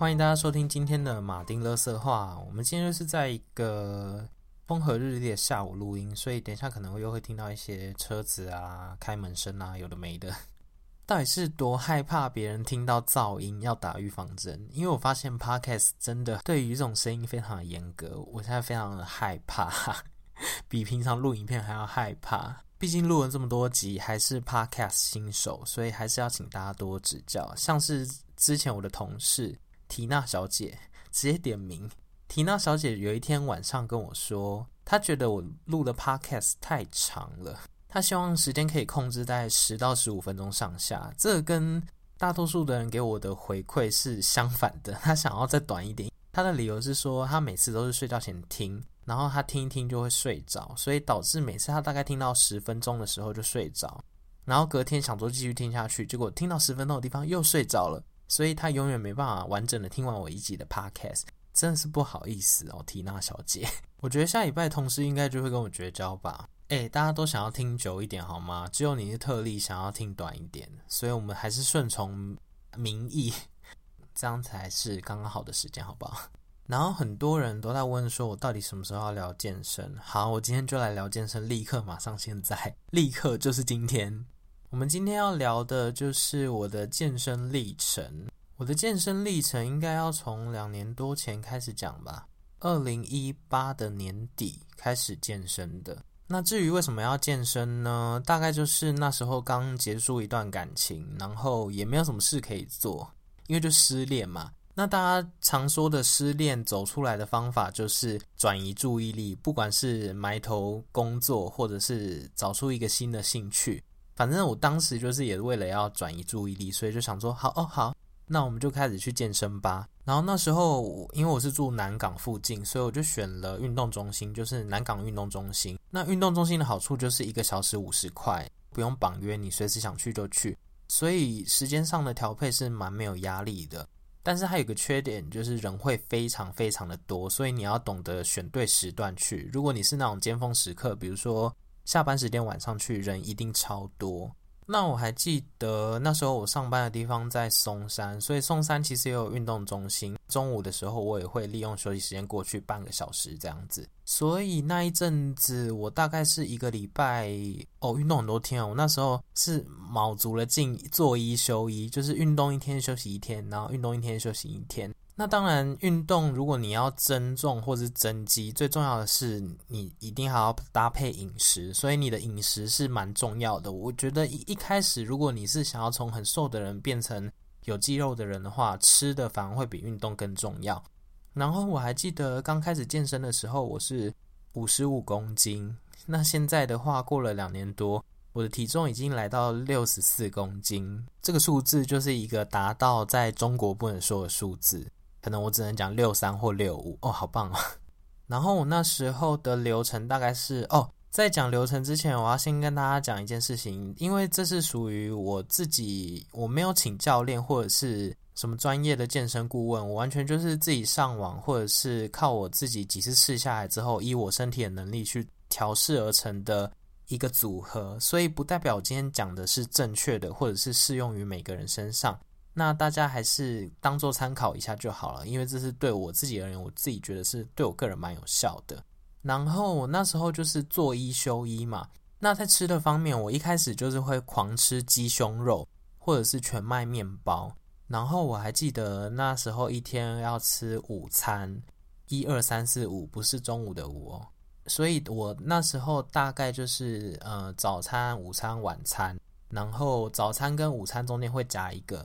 歡迎大家收聽今天的馬丁垃圾話。我們今天就是在一個風和日麗的下午錄音，所以等一下可能會又會聽到一些車子啊、開門聲啊，有的沒的。到底是多害怕別人聽到噪音要打預防針？因為我發現 Podcast 真的對於這種聲音非常的嚴格，我現在非常的害怕，比平常錄影片還要害怕。畢竟錄了這麼多集，還是 Podcast 新手，所以還是要請大家多指教。像是之前我的同事。緹娜小姐直接點名。緹娜小姐有一天晚上跟我說，她覺得我錄的 Podcast 太長了，她希望時間可以控制在十到十五分鐘上下。這個、跟大多數的人給我的回饋是相反的。她想要再短一點。她的理由是說，她每次都是睡覺前聽，然後她聽一聽就會睡着，所以導致每次她大概聽到十分鐘的時候就睡着，然後隔天想說繼續聽下去，結果聽到十分鐘的地方又睡着了。所以他永遠沒辦法完整的聽完我一集的 Podcast，真的是不好意思哦，緹娜小姐。我覺得下禮拜同事應該就會跟我絕交吧？誒、欸，大家都想要聽久一點好嗎？只有你是特例，想要聽短一點，所以我們還是順從民意，這樣才是剛剛好的時間，好不好？然後很多人都在問說，我到底什麼時候要聊健身？好，我今天就來聊健身，立刻馬上現在，立刻就是今天。我們今天要聊的就是我的健身歷程。我的健身歷程應該要從兩年多前開始講吧，二零一八的年底開始健身的。那至於為什麼要健身呢？大概就是那時候剛結束一段感情，然後也沒有什麼事可以做，因為就失戀嘛。那大家常說的失戀走出來的方法就是轉移注意力，不管是埋頭工作，或者是找出一個新的興趣。反正我當時就是也為了要轉移注意力，所以就想說好哦好，那我們就開始去健身吧。然後那時候因為我是住南港附近，所以我就選了運動中心，就是南港運動中心。那運動中心的好處就是一個小時五十塊，不用綁約，你隨時想去就去，所以時間上的調配是蠻沒有壓力的。但是還有一個缺點就是人會非常非常的多，所以你要懂得選對時段去。如果你是那種尖峰時刻，比如說。下班時間晚上去人一定超多。那我還記得那時候我上班的地方在松山，所以松山其實也有運動中心。中午的時候我也會利用休息時間過去半個小時這樣子。所以那一陣子我大概是一個禮拜哦，運動很多天哦，我那時候是卯足了勁做一休一，就是運動一天休息一天，然後運動一天休息一天。那當然，運動如果你要增重或是增肌，最重要的是你一定還要要搭配飲食，所以你的飲食是蠻重要的。我覺得一一開始，如果你是想要從很瘦的人變成有肌肉的人的話，吃的反而會比運動更重要。然後我還記得剛開始健身的時候，我是五十五公斤，那現在的話，過了兩年多，我的體重已經來到六十四公斤，這個數字就是一個達到在中國不能說的數字。可能我只能講六三或六五哦，好棒哦，啊。 然後我那時候的流程大概是哦，在講流程之前，我要先跟大家講一件事情，因為這是屬於我自己，我沒有請教練或者是什麼專業的健身顧問，我完全就是自己上網或者是靠我自己幾次試下來之後，以我身體的能力去調試而成的一個組合，所以不代表今天講的是正確的，或者是適用於每個人身上。那大家還是當做參考一下就好了，因為這是對我自己而言，我自己覺得是對我個人蠻有效的。然後我那時候就是做一休一嘛，那在吃的方面，我一開始就是會狂吃雞胸肉或者是全麥麵包。然後我還記得那時候一天要吃五餐，一二三四五，1, 2, 3, 4, 5，不是中午的午哦，所以我那時候大概就是呃，早餐、午餐、晚餐，然後早餐跟午餐中間會夾一個。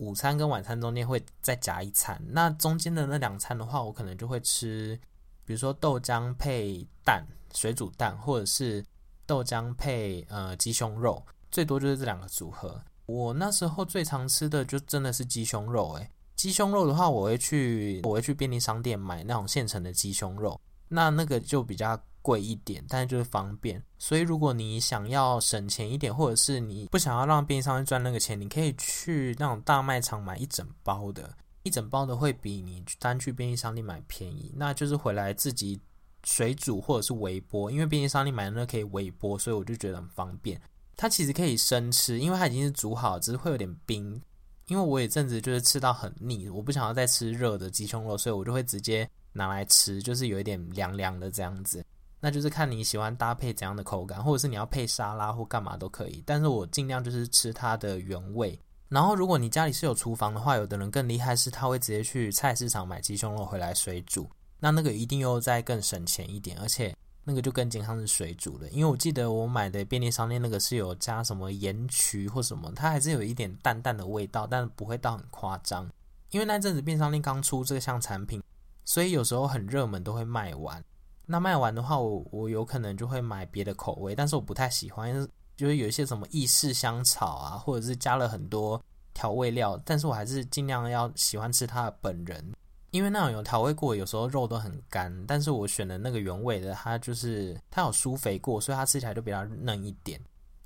午餐跟晚餐中間會再夾一餐，那中間的那兩餐的話，我可能就會吃，比如說豆漿配蛋，水煮蛋，或者是豆漿配呃雞胸肉，最多就是這兩個組合。我那時候最常吃的就真的是雞胸肉、欸，誒。雞胸肉的話，我會去我會去便利商店買那種現成的雞胸肉，那那個就比較。貴一點，但是就是方便。所以，如果你想要省錢一點，或者是你不想要讓便利商店賺那個錢，你可以去那種大賣場買一整包的。一整包的會比你單去便利商店買便宜。那就是回來自己水煮或者是微波，因為便利商店買的那個可以微波，所以我就覺得很方便。它其實可以生吃，因為它已經是煮好，只是會有點冰。因為我有一陣子就是吃到很膩，我不想要再吃熱的雞胸肉，所以我就會直接拿來吃，就是有一點涼涼的這樣子。那就是看你喜歡搭配怎樣的口感，或者是你要配沙拉或幹嘛都可以。但是我盡量就是吃它的原味。然後，如果你家裡是有廚房的話，有的人更厲害是他會直接去菜市場買雞胸肉回來水煮。那那個一定又再更省錢一點，而且那個就更健康是水煮的。因為我記得我買的便利商店那個是有加什麼鹽曲或什麼，它還是有一點淡淡的味道，但不會到很誇張。因為那陣子便利商店剛出這項產品，所以有時候很熱門都會賣完。那賣完的話，我我有可能就會買別的口味，但是我不太喜歡，因為就是有一些什麼意式香草啊，或者是加了很多調味料，但是我還是儘量要喜歡吃它的本人，因為那種有調味過，有時候肉都很乾。但是我選的那個原味的，它就是它有舒肥過，所以它吃起來就比較嫩一點。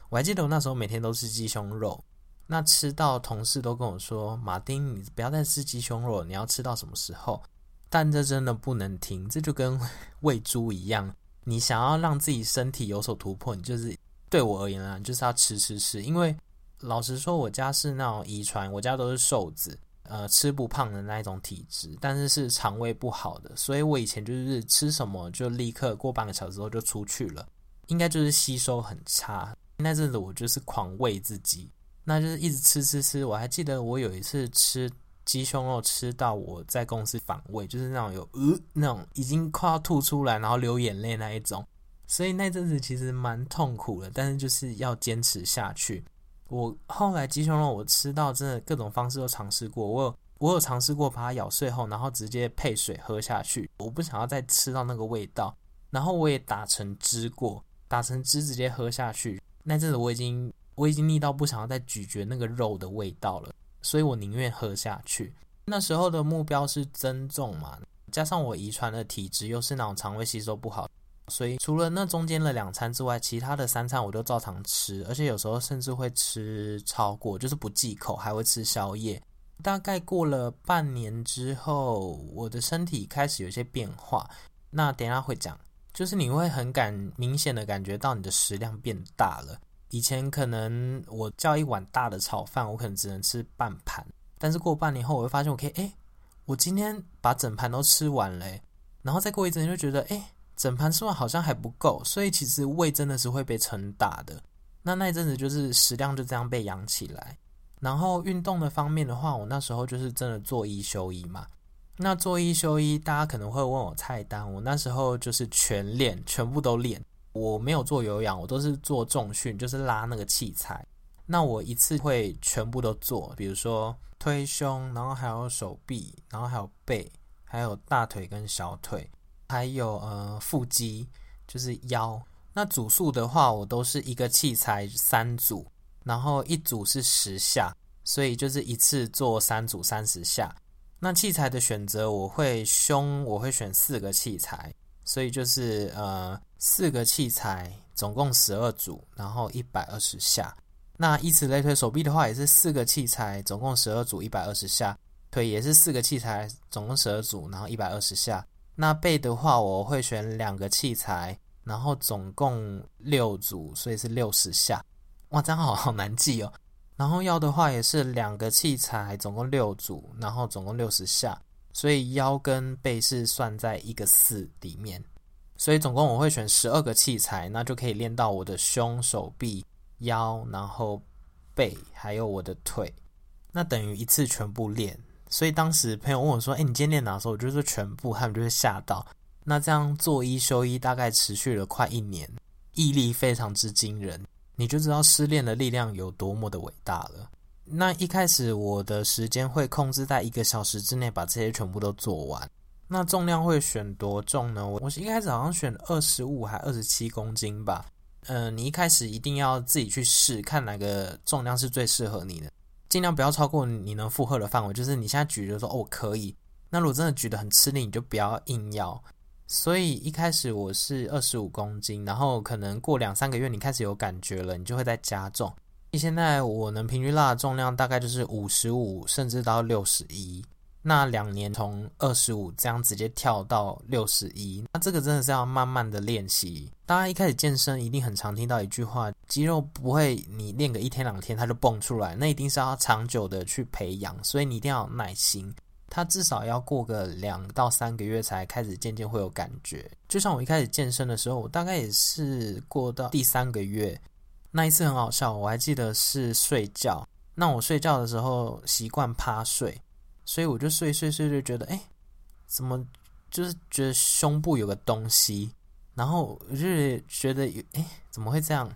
我還記得我那時候每天都吃雞胸肉，那吃到同事都跟我說：“馬丁，你不要再吃雞胸肉，你要吃到什麼時候？”但這真的不能停，這就跟餵豬一樣。你想要讓自己身體有所突破，你就是對我而言啊，就是要吃吃吃。因為老實說，我家是那種遺傳，我家都是瘦子，呃，吃不胖的那一種體質，但是是腸胃不好的，所以我以前就是吃什麼就立刻過半個小時後就出去了，應該就是吸收很差。那陣子我就是狂餵自己，那就是一直吃吃吃。我還記得我有一次吃。雞胸肉吃到我在公司反胃，就是那種有呃那種已經快要吐出來，然後流眼淚那一種，所以那陣子其實蠻痛苦的，但是就是要堅持下去。我後來雞胸肉我吃到真的各種方式都嘗試過，我有我有嘗試過把它咬碎後，然後直接配水喝下去，我不想要再吃到那個味道。然後我也打成汁過，打成汁直接喝下去，那陣子我已經我已經膩到不想要再咀嚼那個肉的味道了。所以我寧願喝下去。那時候的目標是增重嘛，加上我遺傳的體質又是那種腸胃吸收不好，所以除了那中間的兩餐之外，其他的三餐我都照常吃，而且有時候甚至會吃超過，就是不忌口，還會吃宵夜。大概過了半年之後，我的身體開始有些變化。那等一下會講，就是你會很感明顯的感覺到你的食量變大了。以前可能我叫一碗大的炒飯，我可能只能吃半盤，但是過半年後，我會發現我可以，誒、欸，我今天把整盤都吃完了。欸，然後再過一陣就覺得，誒、欸，整盤吃完好像還不夠，所以其實胃真的是會被撐大的。那那一陣子就是食量就這樣被養起來。然後運動的方面的話，我那時候就是真的做一休一嘛。那做一休一，大家可能會問我菜單，我那時候就是全練，全部都練。我沒有做有氧，我都是做重訓，就是拉那個器材。那我一次會全部都做，比如說推胸，然後還有手臂，然後還有背，還有大腿跟小腿，還有呃腹肌，就是腰。那組數的話，我都是一個器材三組，然後一組是十下，所以就是一次做三組三十下。那器材的選擇，我會胸，我會選四個器材。所以就是呃四個器材，總共十二組，然後一百二十下。那以此類推，手臂的話也是四個器材，總共十二組，一百二十下。腿也是四個器材，總共十二組，然後一百二十下。那背的話，我會選兩個器材，然後總共六組，所以是六十下。哇，這樣好好難記哦。然後腰的話也是兩個器材，總共六組，然後總共六十下。所以腰跟背是算在一個四裡面，所以總共我會選十二個器材，那就可以練到我的胸、手臂、腰，然後背，還有我的腿，那等於一次全部練。所以當時朋友問我說：“哎，你今天練哪？”時候我就說全部，他們就會嚇到。那這樣做一休一大概持續了快一年，毅力非常之驚人，你就知道失戀的力量有多麼的偉大了。那一開始我的時間會控制在一個小時之內把這些全部都做完。那重量會選多重呢？我我一開始好像選二十五還二十七公斤吧。嗯、呃，你一開始一定要自己去試，看哪個重量是最適合你的。盡量不要超過你能負荷的範圍，就是你現在舉着說哦可以。那如果真的舉得很吃力，你就不要硬要。所以一開始我是二十五公斤，然後可能過兩三個月你開始有感覺了，你就會再加重。現在我能平均拉的重量大概就是五十五，甚至到六十一。那兩年從二十五這樣直接跳到六十一，那這個真的是要慢慢的練習。大家一開始健身一定很常聽到一句話：肌肉不會你練個一天兩天它就蹦出來，那一定是要長久的去培養。所以你一定要有耐心，它至少要過個兩到三個月才開始漸漸會有感覺。就像我一開始健身的時候，我大概也是過到第三個月。那一次很好笑，我還記得是睡覺。那我睡覺的時候習慣趴睡，所以我就睡睡睡睡，覺得哎、欸，怎麼就是覺得胸部有個東西，然後我就覺得有哎、欸，怎麼會這樣？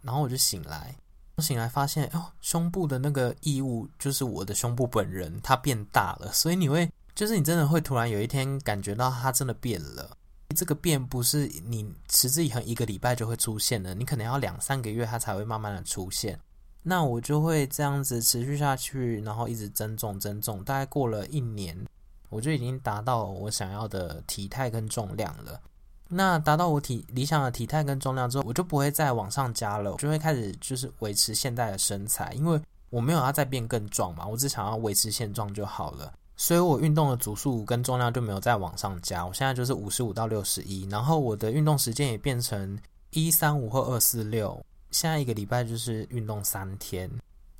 然後我就醒來，我醒來發現哦，胸部的那個異物就是我的胸部本人，它變大了。所以你會就是你真的會突然有一天感覺到它真的變了。這個變不是你持之以恆一個禮拜就會出現的，你可能要兩三個月它才會慢慢的出現。那我就會這樣子持續下去，然後一直增重增重，大概過了一年，我就已經達到我想要的體態跟重量了。那達到我體理想的體態跟重量之後，我就不會再往上加了，我就會開始就是維持現在的身材，因為我沒有要再變更壯嘛，我只想要維持現狀就好了。所以我運動的組數跟重量就沒有再往上加，我現在就是五十五到六十一，然後我的運動時間也變成一三五或二四六，下一個禮拜就是運動三天，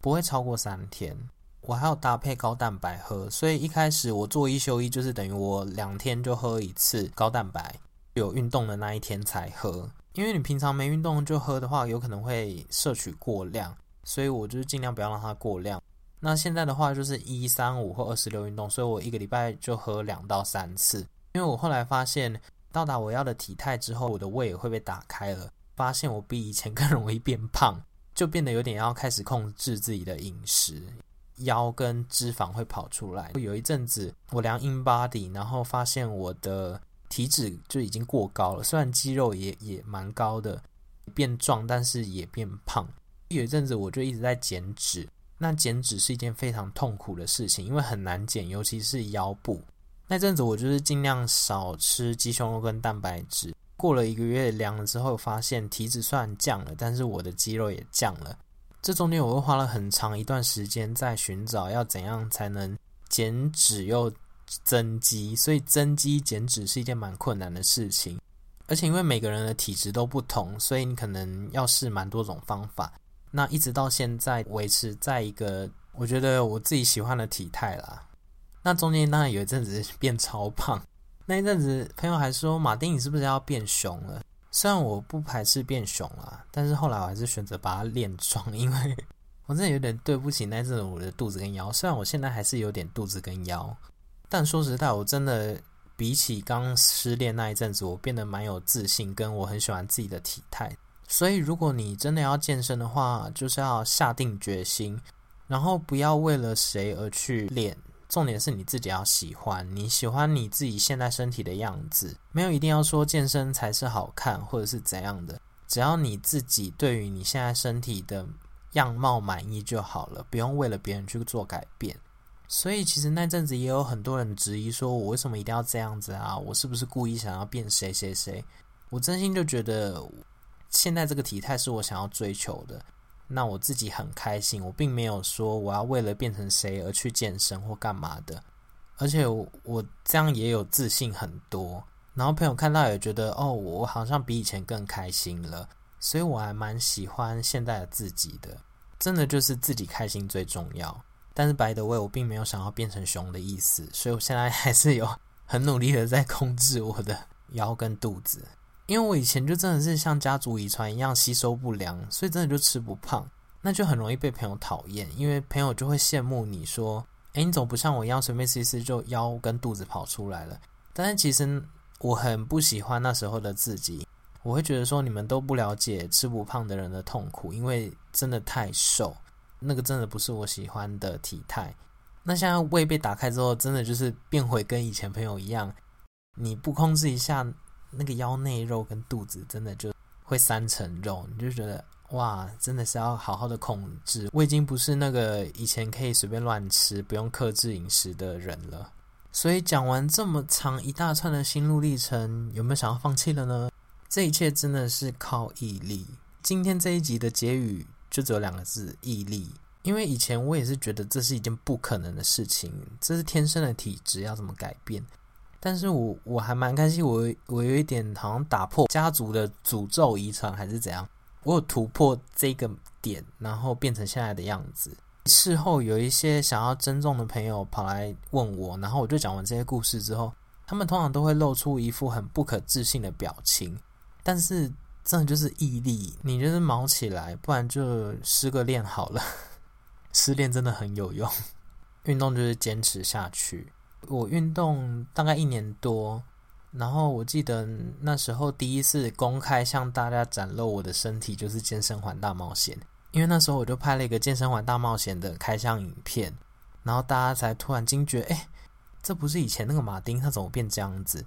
不會超過三天。我還要搭配高蛋白喝，所以一開始我做一休一，就是等於我兩天就喝一次高蛋白，有運動的那一天才喝，因為你平常沒運動就喝的話，有可能會攝取過量，所以我就是盡量不要讓它過量。那現在的話就是一三五或二四六運動，所以我一個禮拜就喝兩到三次。因為我後來發現到達我要的體態之後，我的胃也會被打開了，發現我比以前更容易變胖，就變得有點要開始控制自己的飲食，腰跟脂肪會跑出來。有一陣子我量 in body，然後發現我的體脂就已經過高了，雖然肌肉也也蠻高的，變壯但是也變胖。有一陣子我就一直在減脂。那減脂是一件非常痛苦的事情，因為很難減，尤其是腰部。那陣子我就是盡量少吃雞胸肉跟蛋白質。過了一個月量了之後，發現體脂雖然降了，但是我的肌肉也降了。這中間我又花了很長一段時間在尋找要怎樣才能減脂又增肌，所以增肌減脂是一件蠻困難的事情。而且因為每個人的體質都不同，所以你可能要試蠻多種方法。那一直到現在維持在一個我覺得我自己喜歡的體態啦。那中間當然有一陣子變超胖，那一陣子朋友還說，馬丁你是不是要變熊了？雖然我不排斥變熊啦，但是後來我還是選擇把它練壯，因為我真的有點對不起那一陣子我的肚子跟腰。雖然我現在還是有點肚子跟腰，但說實在我真的比起剛失戀那一陣子，我變得蠻有自信，跟我很喜歡自己的體態。所以，如果你真的要健身的話，就是要下定決心，然後不要為了誰而去練。重點是你自己要喜歡，你喜歡你自己現在身體的樣子，沒有一定要說健身才是好看或者是怎樣的。只要你自己對於你現在身體的樣貌滿意就好了，不用為了別人去做改變。所以，其實那陣子也有很多人質疑，說我為什麼一定要這樣子啊？我是不是故意想要變誰誰誰？我真心就覺得。現在這個體態是我想要追求的，那我自己很開心。我並沒有說我要為了變成誰而去健身或幹嘛的，而且我，我這樣也有自信很多。然後朋友看到也覺得哦，我好像比以前更開心了，所以我還蠻喜歡現在的自己的。真的就是自己開心最重要。但是白德威，我並沒有想要變成熊的意思，所以我現在還是有很努力的在控制我的腰跟肚子。因為我以前就真的是像家族遺傳一樣吸收不良，所以真的就吃不胖，那就很容易被朋友討厭。因為朋友就會羨慕你說：“誒、欸，你總不像我一樣隨便吃吃就腰跟肚子跑出來了。”但是其實我很不喜歡那時候的自己，我會覺得說你們都不了解吃不胖的人的痛苦，因為真的太瘦，那個真的不是我喜歡的體態。那現在胃被打開之後，真的就是變回跟以前朋友一樣，你不控制一下。那個腰內肉跟肚子真的就會三層肉，你就覺得哇，真的是要好好的控制。我已經不是那個以前可以隨便亂吃、不用克制飲食的人了。所以講完這麼長一大串的心路歷程，有沒有想要放棄了呢？這一切真的是靠毅力。今天這一集的結語就只有兩個字：毅力。因為以前我也是覺得這是一件不可能的事情，這是天生的體質，要怎麼改變？但是我我還蠻開心，我我有一點好像打破家族的詛咒遺傳還是怎樣，我有突破這個點，然後變成現在的樣子。事後有一些想要增重的朋友跑來問我，然後我就講完這些故事之後，他們通常都會露出一副很不可置信的表情。但是真的就是毅力，你就是卯起來，不然就失個戀好了。失戀真的很有用，運動就是堅持下去。我運動大概一年多，然後我記得那時候第一次公開向大家展露我的身體，就是《健身環大冒險》，因為那時候我就拍了一個《健身環大冒險》的開箱影片，然後大家才突然驚覺，誒、欸，這不是以前那個馬丁，他怎麼變這樣子？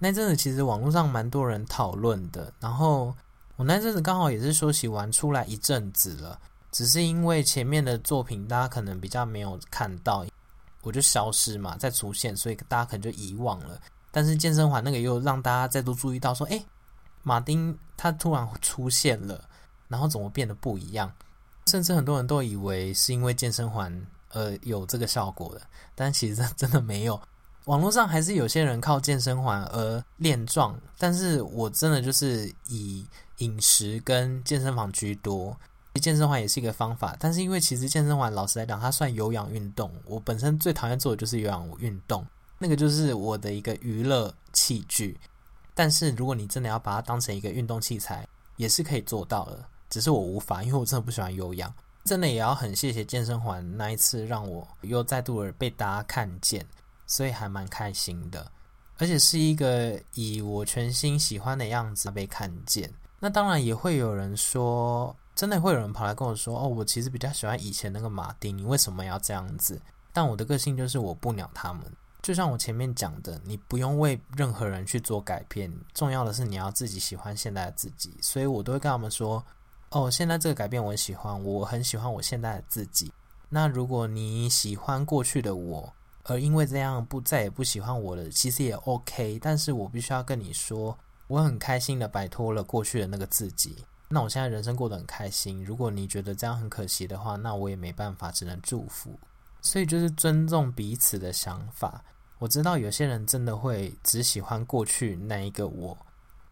那陣子其實網絡上蠻多人討論的，然後我那陣子剛好也是休息完出來一陣子了，只是因為前面的作品大家可能比較沒有看到。我就消失嘛，再出現，所以大家可能就遺忘了。但是健身環那個又讓大家再度注意到，說，誒、欸，馬丁他突然出現了，然後怎麼變得不一樣？甚至很多人都以為是因為健身環而有這個效果的，但其實真的沒有。網絡上還是有些人靠健身環而練壯，但是我真的就是以飲食跟健身房居多。健身環也是一個方法，但是因為其實健身環老實來講，它算有氧運動。我本身最討厭做的就是有氧運動，那個就是我的一個娛樂器具。但是如果你真的要把它當成一個運動器材，也是可以做到的。只是我無法，因為我真的不喜歡有氧。真的也要很謝謝健身環那一次，讓我又再度的被大家看見，所以還蠻開心的。而且是一個以我全新喜歡的樣子被看見。那當然也會有人說。真的會有人跑來跟我說：“哦，我其實比較喜歡以前那個馬丁，你為什麼要這樣子？”但我的個性就是我不鳥他們。就像我前面講的，你不用為任何人去做改變，重要的是你要自己喜歡現在的自己。所以我都會跟他們說：“哦，現在這個改變我很喜歡，我很喜歡我現在的自己。”那如果你喜歡過去的我，而因為這樣不再也不喜歡我了，其實也 OK。但是我必須要跟你說，我很開心的擺脫了過去的那個自己。那我現在人生過得很開心。如果你覺得這樣很可惜的話，那我也沒辦法，只能祝福。所以就是尊重彼此的想法。我知道有些人真的會只喜歡過去那一個我，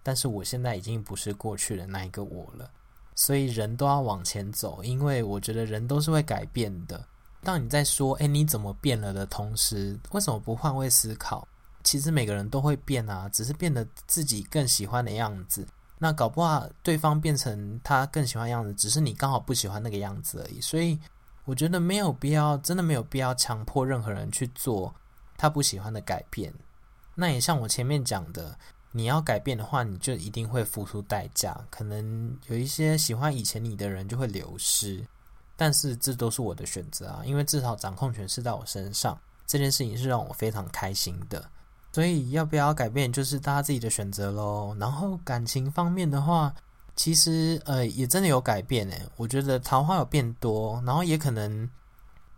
但是我現在已經不是過去的那一個我了。所以人都要往前走，因為我覺得人都是會改變的。當你在說“誒，你怎麼變了”的同時，為什麼不換位思考？其實每個人都會變啊，只是變得自己更喜歡的樣子。那搞不好對方變成他更喜歡的樣子，只是你剛好不喜歡那個樣子而已。所以我覺得沒有必要，真的沒有必要強迫任何人去做他不喜歡的改變。那也像我前面講的，你要改變的話，你就一定會付出代價，可能有一些喜歡以前你的人就會流失。但是這都是我的選擇啊，因為至少掌控權是在我身上，這件事情是讓我非常開心的。所以要不要改變，就是大家自己的選擇咯，然後感情方面的話，其實呃也真的有改變誒。我覺得桃花有變多，然後也可能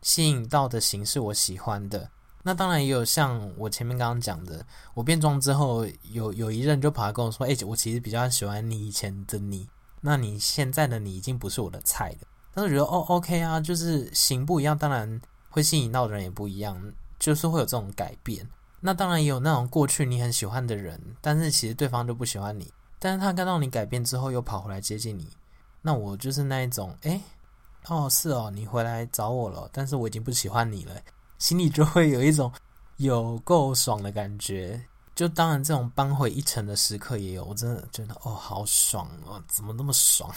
吸引到的形式我喜歡的。那當然也有像我前面剛剛講的，我變裝之後，有有一任就跑來跟我說：“誒，我其實比較喜歡你以前的你，那你現在的你已經不是我的菜了。”但是我覺得哦，OK 啊，就是型不一樣，當然會吸引到的人也不一樣，就是會有這種改變。那當然也有那種過去你很喜歡的人，但是其實對方都不喜歡你，但是他看到你改變之後又跑回來接近你，那我就是那一種，哎、欸，哦是哦，你回來找我了，但是我已經不喜歡你了，心裡就會有一種有夠爽的感覺。就當然這種扳回一城的時刻也有，我真的覺得哦好爽哦，啊，怎麼那麼爽？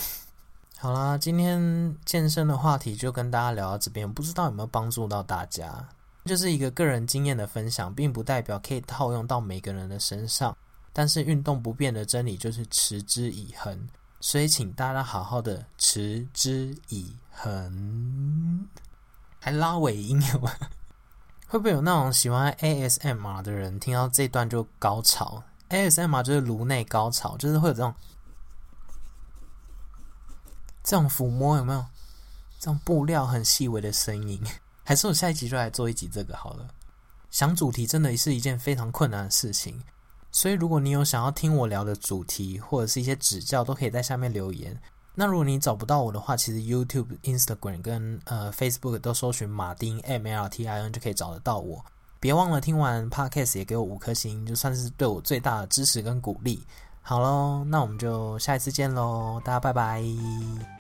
好啦，今天健身的話題就跟大家聊到這邊，不知道有沒有幫助到大家。這、就是一個個人經驗的分享，並不代表可以套用到每個人的身上。但是運動不變的真理就是持之以恆，所以請大家好好的持之以恆。還拉尾音有嗎？會不會有那種喜歡 ASMR 的人聽到這段就高潮？ASMR 就是顱內高潮，就是會有這種這種撫摸有沒有？這種布料很細微的聲音。還是我下一集就來做一集這個好了。想主題真的是一件非常困難的事情，所以如果你有想要聽我聊的主題或者是一些指教，都可以在下面留言。那如果你找不到我的話，其實 YouTube、Instagram 跟，呃，Facebook 都搜尋馬丁 M L T I N 就可以找得到我。別忘了聽完 Podcast 也給我五顆星，就算是對我最大的支持跟鼓勵。好嘍，那我們就下一次見嘍，大家拜拜。